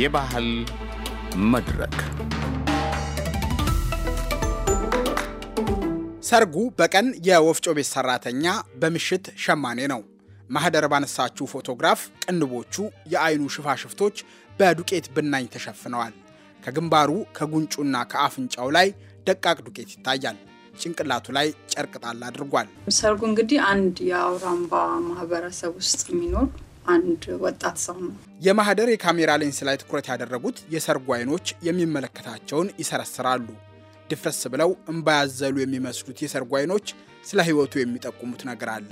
የባህል መድረክ ሰርጉ በቀን የወፍጮ ቤት ሰራተኛ፣ በምሽት ሸማኔ ነው። ማህደር ባነሳችው ፎቶግራፍ ቅንቦቹ የአይኑ ሽፋሽፍቶች በዱቄት ብናኝ ተሸፍነዋል። ከግንባሩ ከጉንጩና ከአፍንጫው ላይ ደቃቅ ዱቄት ይታያል። ጭንቅላቱ ላይ ጨርቅ ጣል አድርጓል። ሰርጉ እንግዲህ አንድ የአውራምባ ማህበረሰብ ውስጥ የሚኖር አንድ ወጣት ሰው ነው። የማህደር የካሜራ ሌንስ ላይ ትኩረት ያደረጉት የሰርጉ አይኖች የሚመለከታቸውን ይሰረስራሉ። ድፍረስ ብለው እምባያዘሉ የሚመስሉት የሰርጉ አይኖች ስለ ህይወቱ የሚጠቁሙት ነገር አለ።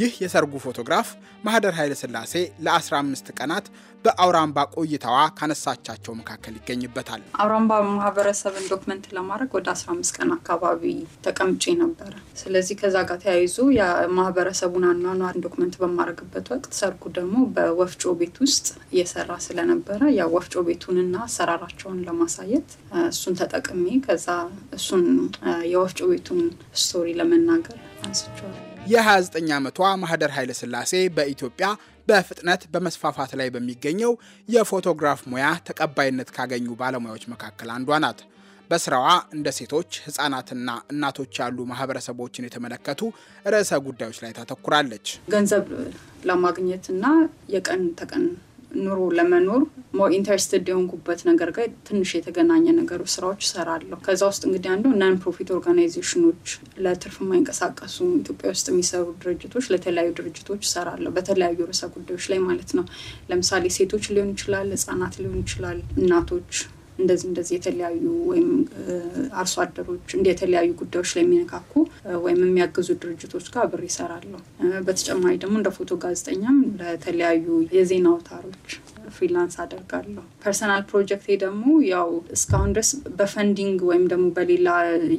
ይህ የሰርጉ ፎቶግራፍ ማህደር ኃይለሥላሴ ለ15 ቀናት በአውራምባ ቆይታዋ ካነሳቻቸው መካከል ይገኝበታል። አውራምባ ማህበረሰብን ዶክመንት ለማድረግ ወደ 15 ቀን አካባቢ ተቀምጬ ነበረ። ስለዚህ ከዛ ጋር ተያይዞ የማህበረሰቡን አኗኗር ዶክመንት በማድረግበት ወቅት ሰርጉ ደግሞ በወፍጮ ቤት ውስጥ እየሰራ ስለነበረ ያ ወፍጮ ቤቱንና አሰራራቸውን ለማሳየት እሱን ተጠቅሜ ከዛ እሱን የወፍጮ ቤቱን ስቶሪ ለመናገር አንስቸዋል። የ29 ዓመቷ ማህደር ኃይለሥላሴ በኢትዮጵያ በፍጥነት በመስፋፋት ላይ በሚገኘው የፎቶግራፍ ሙያ ተቀባይነት ካገኙ ባለሙያዎች መካከል አንዷ ናት። በስራዋ እንደ ሴቶች ህጻናትና እናቶች ያሉ ማህበረሰቦችን የተመለከቱ ርዕሰ ጉዳዮች ላይ ታተኩራለች። ገንዘብ ለማግኘትና የቀን ተቀን ኑሮ ለመኖር ሞር ኢንተረስትድ የሆንኩበት ነገር ጋር ትንሽ የተገናኘ ነገሩ ስራዎች እሰራለሁ። ከዛ ውስጥ እንግዲህ አንዱ ናን ፕሮፊት ኦርጋናይዜሽኖች ለትርፍ የማይንቀሳቀሱ ኢትዮጵያ ውስጥ የሚሰሩ ድርጅቶች ለተለያዩ ድርጅቶች እሰራለሁ በተለያዩ ርዕሰ ጉዳዮች ላይ ማለት ነው። ለምሳሌ ሴቶች ሊሆን ይችላል፣ ህጻናት ሊሆን ይችላል፣ እናቶች እንደዚህ እንደዚህ የተለያዩ ወይም አርሶ አደሮች እንደ የተለያዩ ጉዳዮች ላይ የሚነካኩ ወይም የሚያግዙ ድርጅቶች ጋር ብር ይሰራለሁ። በተጨማሪ ደግሞ እንደ ፎቶ ጋዜጠኛም ለተለያዩ የዜና አውታሮች ፍሪላንስ አደርጋለሁ። ፐርሰናል ፕሮጀክቴ ደግሞ ያው እስካሁን ድረስ በፈንዲንግ ወይም ደግሞ በሌላ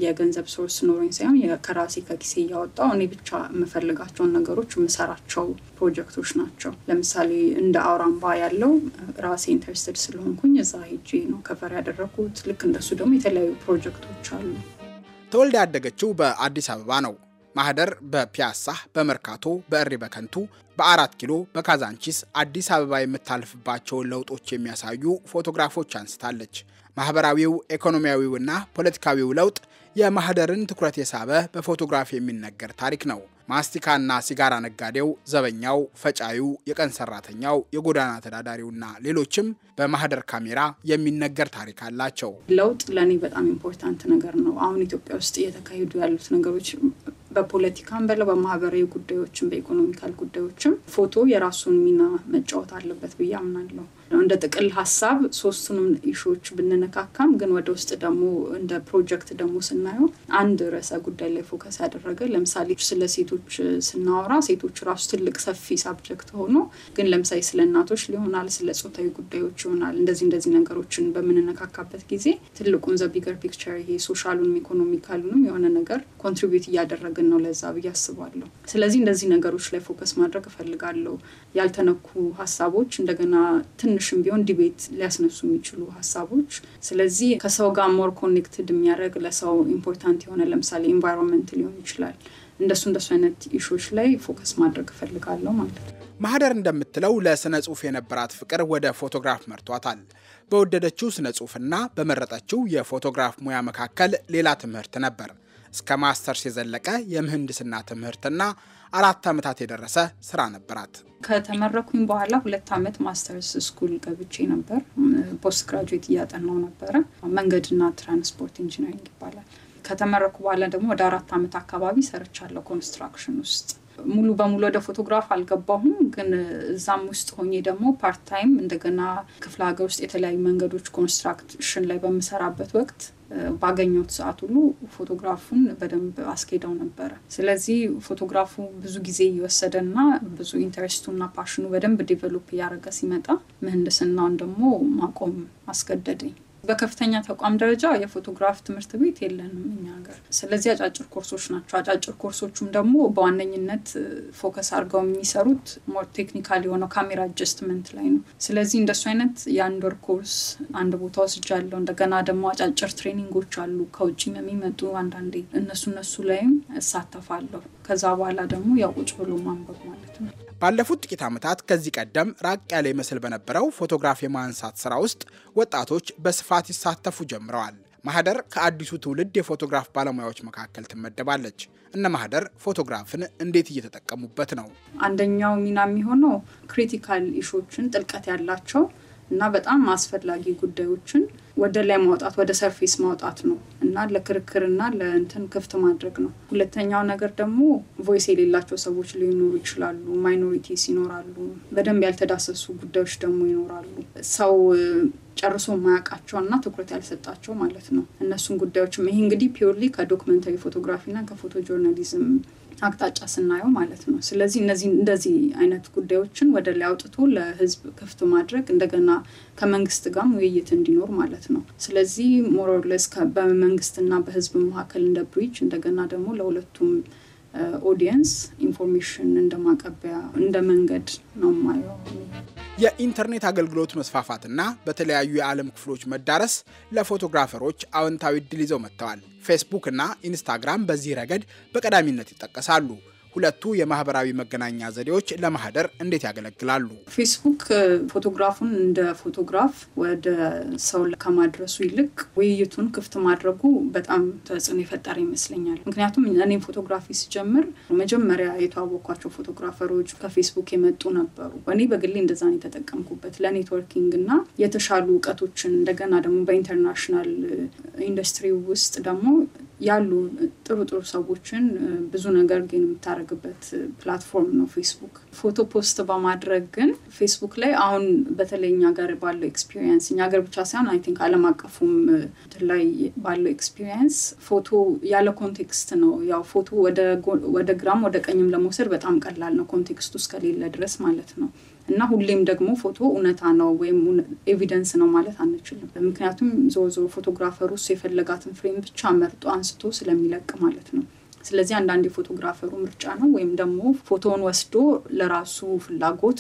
የገንዘብ ሶርስ ኖሮኝ ሳይሆን ከራሴ ከኪሴ እያወጣው እኔ ብቻ የምፈልጋቸውን ነገሮች የምሰራቸው ፕሮጀክቶች ናቸው። ለምሳሌ እንደ አውራምባ ያለው ራሴ ኢንተርስትድ ስለሆንኩኝ እዛ ሄጄ ነው ከቨር ያደረኩት። ልክ እንደሱ ደግሞ የተለያዩ ፕሮጀክቶች አሉ። ተወልዳ ያደገችው በአዲስ አበባ ነው። ማህደር በፒያሳ፣ በመርካቶ፣ በእሪ በከንቱ፣ በአራት ኪሎ፣ በካዛንቺስ አዲስ አበባ የምታልፍባቸውን ለውጦች የሚያሳዩ ፎቶግራፎች አንስታለች። ማህበራዊው ኢኮኖሚያዊውና ፖለቲካዊው ለውጥ የማህደርን ትኩረት የሳበ በፎቶግራፍ የሚነገር ታሪክ ነው። ማስቲካና ሲጋራ ነጋዴው፣ ዘበኛው፣ ፈጫዩ፣ የቀን ሰራተኛው፣ የጎዳና ተዳዳሪውና ሌሎችም በማህደር ካሜራ የሚነገር ታሪክ አላቸው። ለውጥ ለእኔ በጣም ኢምፖርታንት ነገር ነው። አሁን ኢትዮጵያ ውስጥ እየተካሄዱ ያሉት ነገሮች በፖለቲካም በለው በማህበራዊ ጉዳዮችም በኢኮኖሚካል ጉዳዮችም ፎቶ የራሱን ሚና መጫወት አለበት ብዬ አምናለሁ። እንደ ጥቅል ሀሳብ ሶስቱንም ኢሹዎች ብንነካካም ግን ወደ ውስጥ ደግሞ እንደ ፕሮጀክት ደግሞ ስናየው አንድ ርዕሰ ጉዳይ ላይ ፎከስ ያደረገ ለምሳሌ ስለ ሴቶች ስናወራ ሴቶች ራሱ ትልቅ ሰፊ ሳብጀክት ሆኖ ግን ለምሳሌ ስለ እናቶች ሊሆናል፣ ስለ ፆታዊ ጉዳዮች ይሆናል። እንደዚህ እንደዚህ ነገሮችን በምንነካካበት ጊዜ ትልቁን ዘቢገር ፒክቸር ይሄ ሶሻሉንም ኢኮኖሚካሉንም የሆነ ነገር ኮንትሪቢዩት እያደረግን ነው ለዛ ብዬ አስባለሁ። ስለዚህ እንደዚህ ነገሮች ላይ ፎከስ ማድረግ እፈልጋለሁ። ያልተነኩ ሀሳቦች እንደገና ትን ትንሽም ቢሆን ዲቤት ሊያስነሱ የሚችሉ ሀሳቦች። ስለዚህ ከሰው ጋር ሞር ኮኔክትድ የሚያደርግ ለሰው ኢምፖርታንት የሆነ ለምሳሌ ኢንቫይሮንመንት ሊሆን ይችላል። እንደሱ እንደሱ አይነት ኢሹዎች ላይ ፎከስ ማድረግ እፈልጋለሁ ማለት ነው። ማህደር እንደምትለው ለስነ ጽሁፍ የነበራት ፍቅር ወደ ፎቶግራፍ መርቷታል። በወደደችው ስነ ጽሁፍና በመረጠችው የፎቶግራፍ ሙያ መካከል ሌላ ትምህርት ነበር። እስከ ማስተርስ የዘለቀ የምህንድስና ትምህርትና አራት ዓመታት የደረሰ ስራ ነበራት። ከተመረኩኝ በኋላ ሁለት ዓመት ማስተርስ ስኩል ገብቼ ነበር። ፖስት ግራጁዌት እያጠናው ነበረ። መንገድና ትራንስፖርት ኢንጂነሪንግ ይባላል። ከተመረኩ በኋላ ደግሞ ወደ አራት ዓመት አካባቢ ሰርቻለሁ ኮንስትራክሽን ውስጥ። ሙሉ በሙሉ ወደ ፎቶግራፍ አልገባሁም፣ ግን እዛም ውስጥ ሆኜ ደግሞ ፓርት ታይም እንደገና ክፍለ ሀገር ውስጥ የተለያዩ መንገዶች ኮንስትራክሽን ላይ በምሰራበት ወቅት ባገኘሁት ሰዓት ሁሉ ፎቶግራፉን በደንብ አስኬደው ነበረ። ስለዚህ ፎቶግራፉ ብዙ ጊዜ እየወሰደና ብዙ ኢንተረስቱና ፓሽኑ በደንብ ዴቨሎፕ እያደረገ ሲመጣ ምህንድስናውን ደግሞ ማቆም አስገደደኝ። በከፍተኛ ተቋም ደረጃ የፎቶግራፍ ትምህርት ቤት የለንም እኛ ሀገር። ስለዚህ አጫጭር ኮርሶች ናቸው። አጫጭር ኮርሶቹም ደግሞ በዋነኝነት ፎከስ አድርገው የሚሰሩት ሞር ቴክኒካል የሆነው ካሜራ አጀስትመንት ላይ ነው። ስለዚህ እንደሱ አይነት የአንድ ወር ኮርስ አንድ ቦታ ወስጃለሁ። እንደገና ደግሞ አጫጭር ትሬኒንጎች አሉ ከውጭ የሚመጡ አንዳንዴ እነሱ እነሱ ላይም እሳተፋለሁ። ከዛ በኋላ ደግሞ ያው ቁጭ ብሎ ማንበብ ማለት ነው። ባለፉት ጥቂት ዓመታት ከዚህ ቀደም ራቅ ያለ ይመስል በነበረው ፎቶግራፍ የማንሳት ስራ ውስጥ ወጣቶች በስፋት በስፋት ይሳተፉ ጀምረዋል። ማህደር ከአዲሱ ትውልድ የፎቶግራፍ ባለሙያዎች መካከል ትመደባለች። እነ ማህደር ፎቶግራፍን እንዴት እየተጠቀሙበት ነው? አንደኛው ሚና የሚሆነው ክሪቲካል ኢሹዎችን ጥልቀት ያላቸው እና በጣም አስፈላጊ ጉዳዮችን ወደ ላይ ማውጣት ወደ ሰርፌስ ማውጣት ነው እና ለክርክርና ለእንትን ክፍት ማድረግ ነው። ሁለተኛው ነገር ደግሞ ቮይስ የሌላቸው ሰዎች ሊኖሩ ይችላሉ። ማይኖሪቲስ ይኖራሉ። በደንብ ያልተዳሰሱ ጉዳዮች ደግሞ ይኖራሉ። ሰው ጨርሶ ማያውቃቸውና ትኩረት ያልሰጣቸው ማለት ነው። እነሱን ጉዳዮችም ይሄ እንግዲህ ፒዮርሊ ከዶክመንታሪ ፎቶግራፊና ከፎቶ ጆርናሊዝም አቅጣጫ ስናየው ማለት ነው። ስለዚህ እነዚህ እንደዚህ አይነት ጉዳዮችን ወደ ላይ አውጥቶ ለህዝብ ክፍት ማድረግ እንደገና ከመንግስት ጋርም ውይይት እንዲኖር ማለት ነው። ስለዚህ ሞሮርለስ በመንግስትና በህዝብ መካከል እንደ ብሪጅ እንደገና ደግሞ ለሁለቱም ኦዲየንስ ኢንፎርሜሽን እንደማቀበያ እንደ መንገድ ነው ማየው። የኢንተርኔት አገልግሎት መስፋፋትና በተለያዩ የዓለም ክፍሎች መዳረስ ለፎቶግራፈሮች አዎንታዊ እድል ይዘው መጥተዋል። ፌስቡክ እና ኢንስታግራም በዚህ ረገድ በቀዳሚነት ይጠቀሳሉ። ሁለቱ የማህበራዊ መገናኛ ዘዴዎች ለማህደር እንዴት ያገለግላሉ? ፌስቡክ ፎቶግራፉን እንደ ፎቶግራፍ ወደ ሰው ከማድረሱ ይልቅ ውይይቱን ክፍት ማድረጉ በጣም ተጽዕኖ የፈጠረ ይመስለኛል። ምክንያቱም እኔም ፎቶግራፊ ስጀምር መጀመሪያ የተዋወቅኳቸው ፎቶግራፈሮች ከፌስቡክ የመጡ ነበሩ። እኔ በግሌ እንደዛ ነው የተጠቀምኩበት ለኔትወርኪንግ እና የተሻሉ እውቀቶችን እንደገና ደግሞ በኢንተርናሽናል ኢንዱስትሪ ውስጥ ደግሞ ያሉ ጥሩ ጥሩ ሰዎችን ብዙ ነገር ግን የምታደርግበት ፕላትፎርም ነው ፌስቡክ። ፎቶ ፖስት በማድረግ ግን ፌስቡክ ላይ አሁን በተለይ እኛ ጋር ባለው ኤክስፒሪየንስ እኛ ጋር ብቻ ሳይሆን አይ ቲንክ ዓለም አቀፉም ላይ ባለው ኤክስፒሪየንስ ፎቶ ያለ ኮንቴክስት ነው። ያው ፎቶ ወደ ግራም ወደ ቀኝም ለመውሰድ በጣም ቀላል ነው ኮንቴክስቱ እስከሌለ ድረስ ማለት ነው። እና ሁሌም ደግሞ ፎቶ እውነታ ነው ወይም ኤቪደንስ ነው ማለት አንችልም። ምክንያቱም ዞሮ ዞሮ ፎቶግራፈሩ እሱ የፈለጋትን ፍሬም ብቻ መርጦ አንስቶ ስለሚለቅ ማለት ነው። ስለዚህ አንዳንድ የፎቶግራፈሩ ምርጫ ነው ወይም ደግሞ ፎቶውን ወስዶ ለራሱ ፍላጎት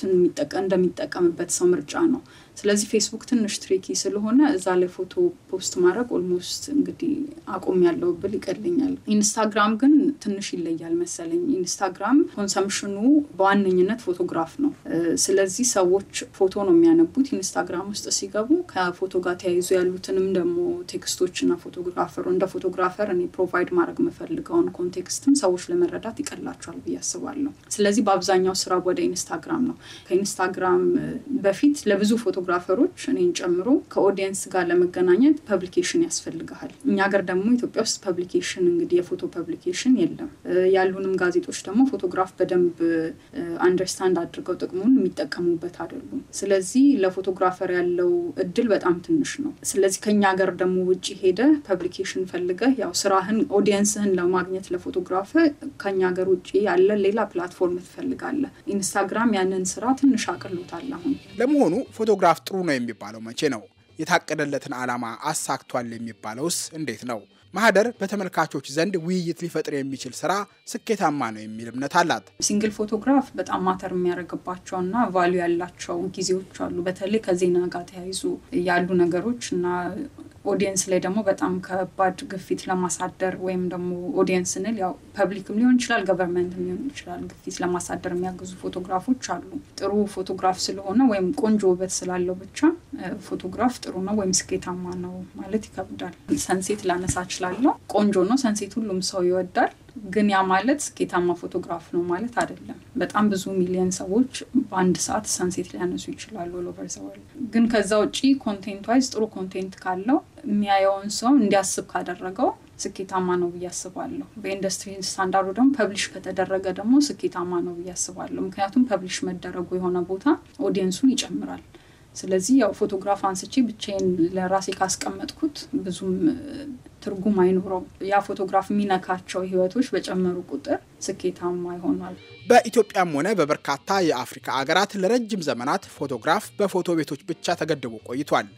እንደሚጠቀምበት ሰው ምርጫ ነው። ስለዚህ ፌስቡክ ትንሽ ትሪኪ ስለሆነ እዛ ላይ ፎቶ ፖስት ማድረግ ኦልሞስት እንግዲህ አቁም ያለው ብል ይቀልኛል። ኢንስታግራም ግን ትንሽ ይለያል መሰለኝ። ኢንስታግራም ኮንሰምሽኑ በዋነኝነት ፎቶግራፍ ነው። ስለዚህ ሰዎች ፎቶ ነው የሚያነቡት። ኢንስታግራም ውስጥ ሲገቡ ከፎቶ ጋር ተያይዞ ያሉትንም ደግሞ ቴክስቶችና ፎቶግራፈሩ እንደ ፎቶግራፈር እኔ ፕሮቫይድ ማድረግ የምፈልገውን ኮንቴክስትም ሰዎች ለመረዳት ይቀላቸዋል ብዬ አስባለሁ። ስለዚህ በአብዛኛው ስራ ወደ ኢንስታግራም ነው። ከኢንስታግራም በፊት ለብዙ ፎቶ ፎቶግራፈሮች እኔን ጨምሮ ከኦዲየንስ ጋር ለመገናኘት ፐብሊኬሽን ያስፈልግሃል። እኛ ሀገር ደግሞ ኢትዮጵያ ውስጥ ፐብሊኬሽን እንግዲህ የፎቶ ፐብሊኬሽን የለም። ያሉንም ጋዜጦች ደግሞ ፎቶግራፍ በደንብ አንደርስታንድ አድርገው ጥቅሙን የሚጠቀሙበት አይደሉም። ስለዚህ ለፎቶግራፈር ያለው እድል በጣም ትንሽ ነው። ስለዚህ ከኛ ሀገር ደግሞ ውጭ ሄደ ፐብሊኬሽን ፈልገ ያው ስራህን ኦዲየንስህን ለማግኘት ለፎቶግራፍ ከኛ ሀገር ውጭ ያለ ሌላ ፕላትፎርም ትፈልጋለ። ኢንስታግራም ያንን ስራ ትንሽ አቅሎታል። አሁን ለመሆኑ ፎቶግራፍ መጽሐፍ ጥሩ ነው የሚባለው መቼ ነው? የታቀደለትን ዓላማ አሳክቷል የሚባለውስ እንዴት ነው? ማህደር በተመልካቾች ዘንድ ውይይት ሊፈጥር የሚችል ስራ ስኬታማ ነው የሚል እምነት አላት። ሲንግል ፎቶግራፍ በጣም ማተር የሚያደርግባቸውና ቫሉ ያላቸው ጊዜዎች አሉ። በተለይ ከዜና ጋር ተያይዞ ያሉ ነገሮች እና ኦዲየንስ ላይ ደግሞ በጣም ከባድ ግፊት ለማሳደር ወይም ደግሞ ኦዲየንስ ስንል ያው ፐብሊክም ሊሆን ይችላል፣ ገቨርንመንትም ሊሆን ይችላል። ግፊት ለማሳደር የሚያግዙ ፎቶግራፎች አሉ። ጥሩ ፎቶግራፍ ስለሆነ ወይም ቆንጆ ውበት ስላለው ብቻ ፎቶግራፍ ጥሩ ነው ወይም ስኬታማ ነው ማለት ይከብዳል። ሰንሴት ላነሳ ችላለው ቆንጆ ነው ሰንሴት፣ ሁሉም ሰው ይወዳል። ግን ያ ማለት ስኬታማ ፎቶግራፍ ነው ማለት አይደለም። በጣም ብዙ ሚሊዮን ሰዎች በአንድ ሰዓት ሰንሴት ሊያነሱ ይችላሉ ኦል ግን ከዛ ውጪ ኮንቴንት ዋይዝ ጥሩ ኮንቴንት ካለው የሚያየውን ሰው እንዲያስብ ካደረገው ስኬታማ ነው ብዬ አስባለሁ። በኢንዱስትሪ ስታንዳርዱ ደግሞ ፐብሊሽ ከተደረገ ደግሞ ስኬታማ ነው ብዬ አስባለሁ። ምክንያቱም ፐብሊሽ መደረጉ የሆነ ቦታ ኦዲየንሱን ይጨምራል። ስለዚህ ያው ፎቶግራፍ አንስቼ ብቻዬን ለራሴ ካስቀመጥኩት ብዙም ትርጉም አይኖረው። ያ ፎቶግራፍ የሚነካቸው ህይወቶች በጨመሩ ቁጥር ስኬታማ ይሆናል። በኢትዮጵያም ሆነ በበርካታ የአፍሪካ አገራት ለረጅም ዘመናት ፎቶግራፍ በፎቶ ቤቶች ብቻ ተገድቦ ቆይቷል።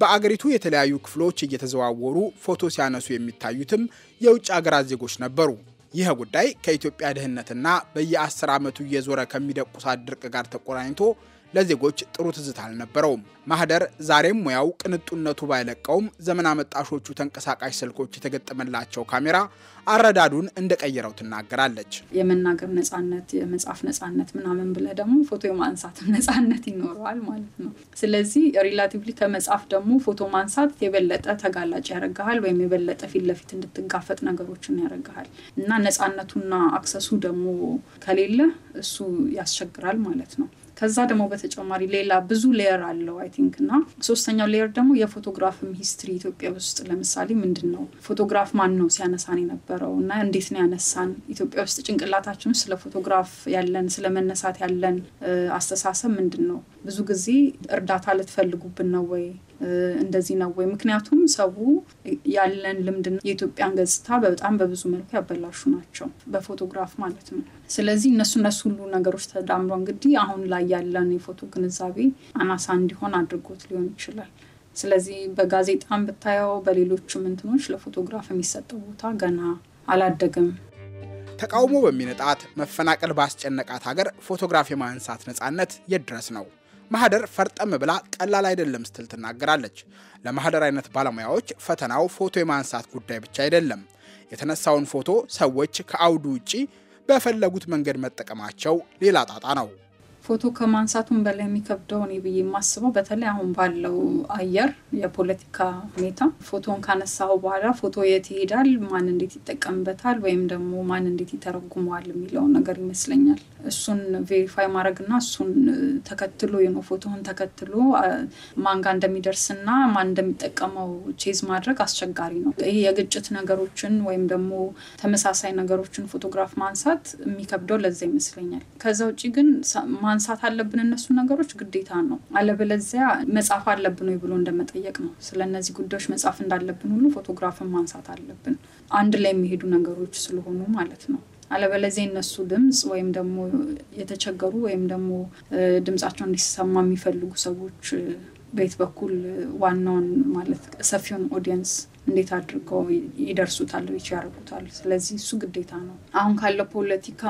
በአገሪቱ የተለያዩ ክፍሎች እየተዘዋወሩ ፎቶ ሲያነሱ የሚታዩትም የውጭ አገራት ዜጎች ነበሩ። ይህ ጉዳይ ከኢትዮጵያ ድህነትና በየአስር ዓመቱ እየዞረ ከሚደቁሳት ድርቅ ጋር ተቆራኝቶ ለዜጎች ጥሩ ትዝታ አልነበረውም። ማህደር ዛሬም ሙያው ቅንጡነቱ ባይለቀውም ዘመን አመጣሾቹ ተንቀሳቃሽ ስልኮች የተገጠመላቸው ካሜራ አረዳዱን እንደቀየረው ትናገራለች። የመናገር ነጻነት፣ የመጻፍ ነጻነት ምናምን ብለ ደግሞ ፎቶ የማንሳትም ነጻነት ይኖረዋል ማለት ነው። ስለዚህ ሪላቲቭሊ ከመጻፍ ደግሞ ፎቶ ማንሳት የበለጠ ተጋላጭ ያደርግሃል፣ ወይም የበለጠ ፊት ለፊት እንድትጋፈጥ ነገሮችን ያደርግሃል እና ነጻነቱና አክሰሱ ደግሞ ከሌለ እሱ ያስቸግራል ማለት ነው። ከዛ ደግሞ በተጨማሪ ሌላ ብዙ ሌየር አለው አይ ቲንክ እና ሶስተኛው ሌየር ደግሞ የፎቶግራፍም ሂስትሪ ኢትዮጵያ ውስጥ ለምሳሌ ምንድን ነው ፎቶግራፍ ማን ነው ሲያነሳን የነበረው እና እንዴት ነው ያነሳን? ኢትዮጵያ ውስጥ ጭንቅላታችን ስለ ፎቶግራፍ ያለን ስለ መነሳት ያለን አስተሳሰብ ምንድን ነው? ብዙ ጊዜ እርዳታ ልትፈልጉብን ነው ወይ እንደዚህ ነው ወይ? ምክንያቱም ሰው ያለን ልምድና የኢትዮጵያን ገጽታ በጣም በብዙ መልኩ ያበላሹ ናቸው፣ በፎቶግራፍ ማለት ነው። ስለዚህ እነሱ እነሱ ሁሉ ነገሮች ተዳምሮ እንግዲህ አሁን ላይ ያለን የፎቶ ግንዛቤ አናሳ እንዲሆን አድርጎት ሊሆን ይችላል። ስለዚህ በጋዜጣም ብታየው በሌሎችም እንትኖች ለፎቶግራፍ የሚሰጠው ቦታ ገና አላደገም። ተቃውሞ በሚነጣት መፈናቀል ባስጨነቃት ሀገር ፎቶግራፍ የማንሳት ነጻነት የድረስ ድረስ ነው? ማህደር ፈርጠም ብላ ቀላል አይደለም ስትል ትናገራለች። ለማህደር አይነት ባለሙያዎች ፈተናው ፎቶ የማንሳት ጉዳይ ብቻ አይደለም። የተነሳውን ፎቶ ሰዎች ከአውዱ ውጪ በፈለጉት መንገድ መጠቀማቸው ሌላ ጣጣ ነው። ፎቶ ከማንሳቱም በላይ የሚከብደው እኔ ብዬ የማስበው በተለይ አሁን ባለው አየር የፖለቲካ ሁኔታ ፎቶን ካነሳው በኋላ ፎቶ የት ይሄዳል፣ ማን እንዴት ይጠቀምበታል፣ ወይም ደግሞ ማን እንዴት ይተረጉመዋል የሚለው ነገር ይመስለኛል። እሱን ቬሪፋይ ማድረግና እሱን ተከትሎ ነው ፎቶን ተከትሎ ማን ጋር እንደሚደርስና ማን እንደሚጠቀመው ቼዝ ማድረግ አስቸጋሪ ነው። ይሄ የግጭት ነገሮችን ወይም ደግሞ ተመሳሳይ ነገሮችን ፎቶግራፍ ማንሳት የሚከብደው ለዛ ይመስለኛል። ከዛ ውጭ ግን ማንሳት አለብን። እነሱ ነገሮች ግዴታ ነው። አለበለዚያ መጻፍ አለብን ወይ ብሎ እንደመጠየቅ ነው። ስለ እነዚህ ጉዳዮች መጻፍ እንዳለብን ሁሉ ፎቶግራፍን ማንሳት አለብን። አንድ ላይ የሚሄዱ ነገሮች ስለሆኑ ማለት ነው። አለበለዚያ የነሱ ድምፅ ወይም ደግሞ የተቸገሩ ወይም ደግሞ ድምጻቸው እንዲሰማ የሚፈልጉ ሰዎች በየት በኩል ዋናውን ማለት ሰፊውን ኦዲየንስ እንዴት አድርገው ይደርሱታል፣ ሪች ያደርጉታል። ስለዚህ እሱ ግዴታ ነው። አሁን ካለ ፖለቲካ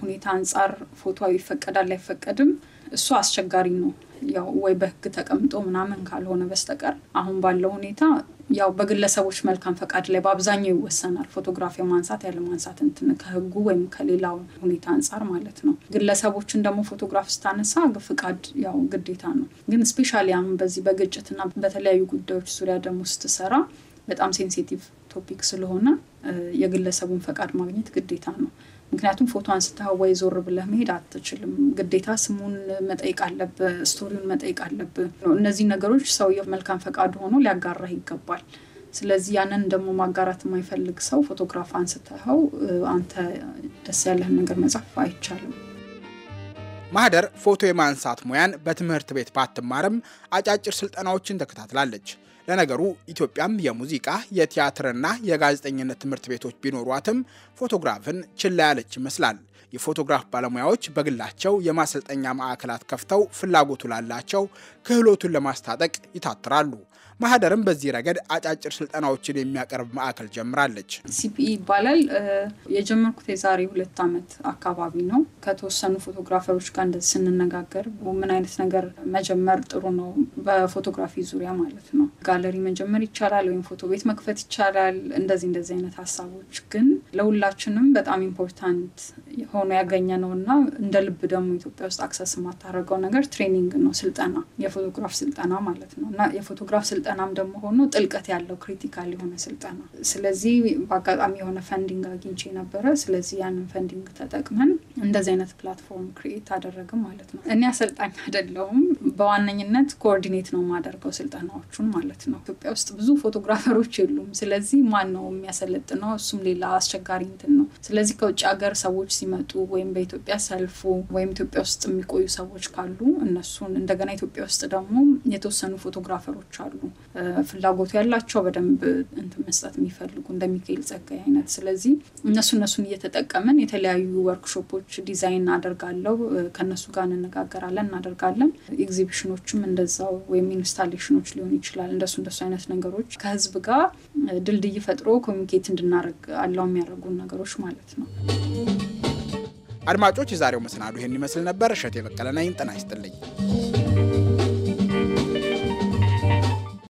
ሁኔታ አንጻር ፎቶ ይፈቀዳል አይፈቀድም፣ እሱ አስቸጋሪ ነው። ያው ወይ በህግ ተቀምጦ ምናምን ካልሆነ በስተቀር አሁን ባለው ሁኔታ ያው በግለሰቦች መልካም ፈቃድ ላይ በአብዛኛው ይወሰናል። ፎቶግራፊ የማንሳት ያለ ማንሳት እንትን ከህጉ ወይም ከሌላው ሁኔታ አንጻር ማለት ነው። ግለሰቦችን ደግሞ ፎቶግራፍ ስታነሳ ፍቃድ ያው ግዴታ ነው። ግን ስፔሻሊ አሁን በዚህ በግጭትና በተለያዩ ጉዳዮች ዙሪያ ደግሞ ስትሰራ በጣም ሴንሲቲቭ ቶፒክ ስለሆነ የግለሰቡን ፈቃድ ማግኘት ግዴታ ነው። ምክንያቱም ፎቶ አንስተ ወይ ዞር ብለህ መሄድ አትችልም። ግዴታ ስሙን መጠየቅ አለብ፣ ስቶሪውን መጠየቅ አለብ። እነዚህ ነገሮች ሰውየው መልካም ፈቃድ ሆኖ ሊያጋራህ ይገባል። ስለዚህ ያንን ደግሞ ማጋራት የማይፈልግ ሰው ፎቶግራፍ አንስተኸው አንተ ደስ ያለህን ነገር መጻፍ አይቻልም። ማህደር ፎቶ የማንሳት ሙያን በትምህርት ቤት ባትማርም አጫጭር ስልጠናዎችን ተከታትላለች። ለነገሩ ኢትዮጵያም የሙዚቃ የቲያትርና የጋዜጠኝነት ትምህርት ቤቶች ቢኖሯትም ፎቶግራፍን ችላ ያለች ይመስላል። የፎቶግራፍ ባለሙያዎች በግላቸው የማሰልጠኛ ማዕከላት ከፍተው ፍላጎቱ ላላቸው ክህሎቱን ለማስታጠቅ ይታትራሉ። ማህደርም በዚህ ረገድ አጫጭር ስልጠናዎችን የሚያቀርብ ማዕከል ጀምራለች። ሲፒኢ ይባላል። የጀመርኩት የዛሬ ሁለት ዓመት አካባቢ ነው። ከተወሰኑ ፎቶግራፈሮች ጋር እንደዚህ ስንነጋገር ምን አይነት ነገር መጀመር ጥሩ ነው፣ በፎቶግራፊ ዙሪያ ማለት ነው። ጋለሪ መጀመር ይቻላል ወይም ፎቶ ቤት መክፈት ይቻላል። እንደዚህ እንደዚህ አይነት ሀሳቦች ግን ለሁላችንም በጣም ኢምፖርታንት ሆኖ ያገኘ ነው እና እንደ ልብ ደግሞ ኢትዮጵያ ውስጥ አክሰስ የማታደርገው ነገር ትሬኒንግ ነው፣ ስልጠና የፎቶግራፍ ስልጠና ማለት ነው እና የፎቶግራፍ ስልጠናም ደግሞ ሆኖ ጥልቀት ያለው ክሪቲካል የሆነ ስልጠና። ስለዚህ በአጋጣሚ የሆነ ፈንዲንግ አግኝቼ ነበረ። ስለዚህ ያንን ፈንዲንግ ተጠቅመን እንደዚህ አይነት ፕላትፎርም ክሪኤት አደረግም ማለት ነው። እኔ አሰልጣኝ አይደለሁም። በዋነኝነት ኮኦርዲኔት ነው የማደርገው ስልጠናዎቹን ማለት ነው። ኢትዮጵያ ውስጥ ብዙ ፎቶግራፈሮች የሉም። ስለዚህ ማን ነው የሚያሰለጥነው? እሱም ሌላ አስቸጋሪ እንትን ነው። ስለዚህ ከውጭ ሀገር ሰዎች ሲመጡ ወይም በኢትዮጵያ ሰልፉ ወይም ኢትዮጵያ ውስጥ የሚቆዩ ሰዎች ካሉ እነሱን እንደገና ኢትዮጵያ ውስጥ ደግሞ የተወሰኑ ፎቶግራፈሮች አሉ ፍላጎቱ ያላቸው በደንብ እንትን መስጠት የሚፈልጉ እንደሚካኤል ጸጋይ አይነት። ስለዚህ እነሱ እነሱን እየተጠቀምን የተለያዩ ወርክሾፖች ዲዛይነሮች ዲዛይን እናደርጋለው ከነሱ ጋር እንነጋገራለን፣ እናደርጋለን። ኤግዚቢሽኖችም እንደዛው ወይም ኢንስታሌሽኖች ሊሆን ይችላል። እንደሱ እንደሱ አይነት ነገሮች ከህዝብ ጋር ድልድይ ፈጥሮ ኮሚኒኬት እንድናደርግ አላው የሚያደርጉን ነገሮች ማለት ነው። አድማጮች፣ የዛሬው መሰናዱ ይህን ይመስል ነበር። እሸት በቀለ ነኝ። ይስጥልኝ።